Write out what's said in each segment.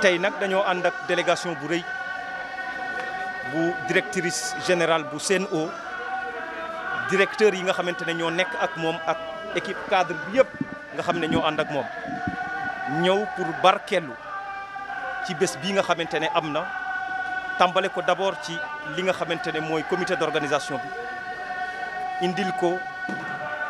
tey nag dañoo ànd ak délégation bu rëy bu directrice générale bu CNO directeur yi nga xamante ne ñoo nekk ak moom ak équipe cadre bi nga xam ne ñoo ànd ak moom ñëw pour barkeelu ci bés bii nga xamante ne am na tàmbale ko d'abord ci li nga xamante ne mooy comité d'organisation bi indil ko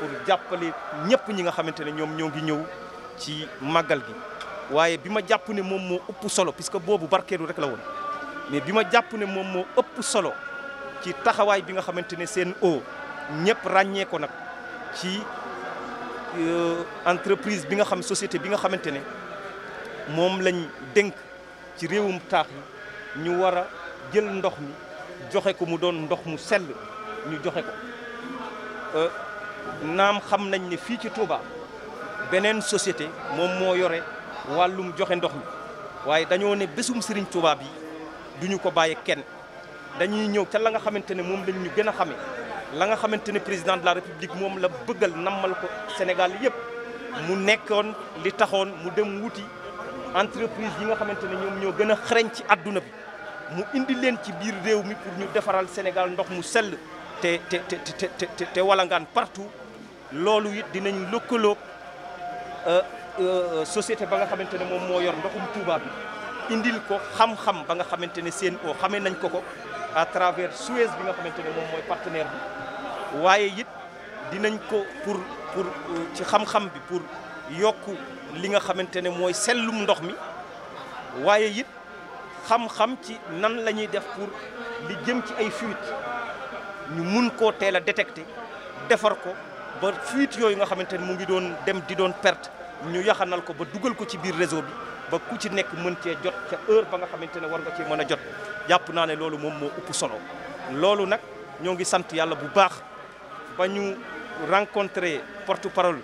pour jàppale ñepp ñi nga xamante ñom ñogi ñew ci magal gi waye bima japp ne mom mo upp solo puisque bobu barkeelu rek la woon mais bima japp ne mom mo upp solo ci taxaway bi nga xamante sen seen o ñëpp ràññee ko nak ci euh, entreprise bi nga xam société bi nga xamante mom moom lañ dénk ci rewum tax yi ñu wara jël ndox mi joxé ko mu doon ndox mu sel ñu joxé ko euh naam xam nañ ne fii ci Touba beneen société moom moo yore wàllum joxe ndox mi waaye dañoo ne bésum Serigne Touba bi duñu ko bàyyi kenn dañuy ñëw ca la nga xamante ne moom lañ ñu gën a xamee la nga xamante ne président de la république moom la bëggal nammal ko Sénégal yëpp mu nekkoon li taxoon mu dem wuti entreprise yi nga xamante ne ñoom ñoo gën a xarañ ci àdduna bi mu indi leen ci biir réew mi pour ñu defaral Sénégal ndox mu sell te te te te te walangaan partout loolu it dinañ lëkkaloog euh, euh, société ba nga xamante ne moom moo yor ndoxum Touba indil ko xam-xam ba nga xamante ne seen o xamee nañ ko ko à travers Suez bi nga xamante ne moom mooy partenaire bi waaye it dinañ ko pour pour euh, ci xam-xam bi pour yokk li nga xamante ne mooy sellum ndox mi waaye it xam-xam ci nan la ñuy def pour li jëm ci ay fuite ñu mun koo teel a détecté defar ko ba fuite yooyu nga xamante ni mu ngi doon dem di doon perte ñu yaxanal ko ba dugal ko ci biir réseau bi ba ku ci nekk mën cee jot ca heure ba nga xamante ne war nga cee mën a jot jàpp naa ne loolu moom moo ëpp solo loolu nag ñoo ngi sant yàlla bu baax ba ñu rencontré porte parole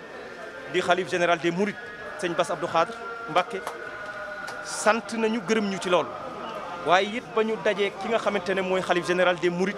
di xalif général de Mourides sëñ Bass Abdou Khadre Mbacké sant nañu gërëm ñu ci loolu waaye it ba ñu dajee ki nga xamante ne mooy xalif général des Mourides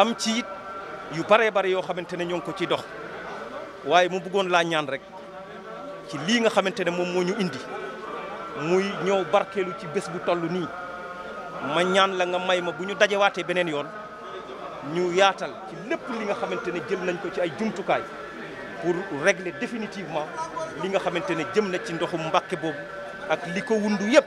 am ci it yu baree bare yoo xamante ne ñoo ngi ko ciy dox waaye mu bëggoon laa ñaan rek ci lii nga xamante ne moom moo ñu indi muy ñëw barkeelu ci bés bu toll nii ma ñaan la nga may ma bu ñu dajewaatee beneen yoon ñu yaatal ci lépp li nga xamante ne jël nañ ko ci ay jumtukaay pour régler définitivement li nga xamante ne jëm na ci ndoxum Mbàkke boobu ak li ko wundu yëpp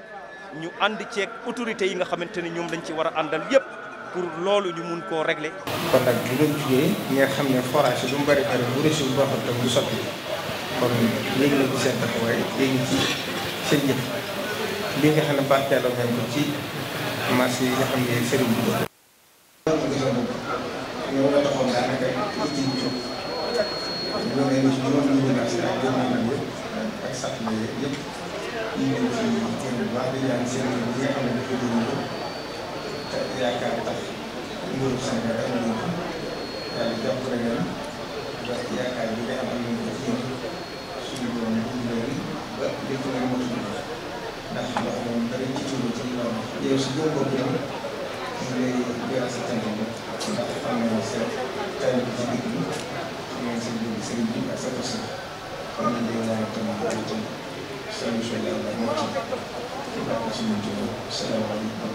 ñu ànd ceeg autorités yi nga xamante ne ñoom lañ ci war a àndal yëpp. pour loolu ñu mun koo régler. kon nag bu doon jugee nga xam ne forage bi mu bëri bëri bu réseau bi baaxul tam du sotti kon léegi nag ci seen taxawaay léegi ci seen jëf li nga xam ne barkeeloo ngeen ko ci marché yi nga xam ne sëriñ bi doon. ñoo ngi taxoon daanaka ci ñoom ñoo ngi ci juróom bu baax di yi yaakaar tax nguuru Sénégal am nañu ko yàlla jàppale leen ba yaakaar bi nga xam ne moom suñu borom ba lépp nga motul ndax ndox moom da ngay ci ci loolu yow si góob boobu yow mu lay jël sa tànk ndax am nañu sa tànk ci digg bi am nañu sa dugub sëriñ bi ak sa poson am nañu day ñaan tamit ba itam solution yàlla moo ci ci bàq suñu jëloon salaamaaleykum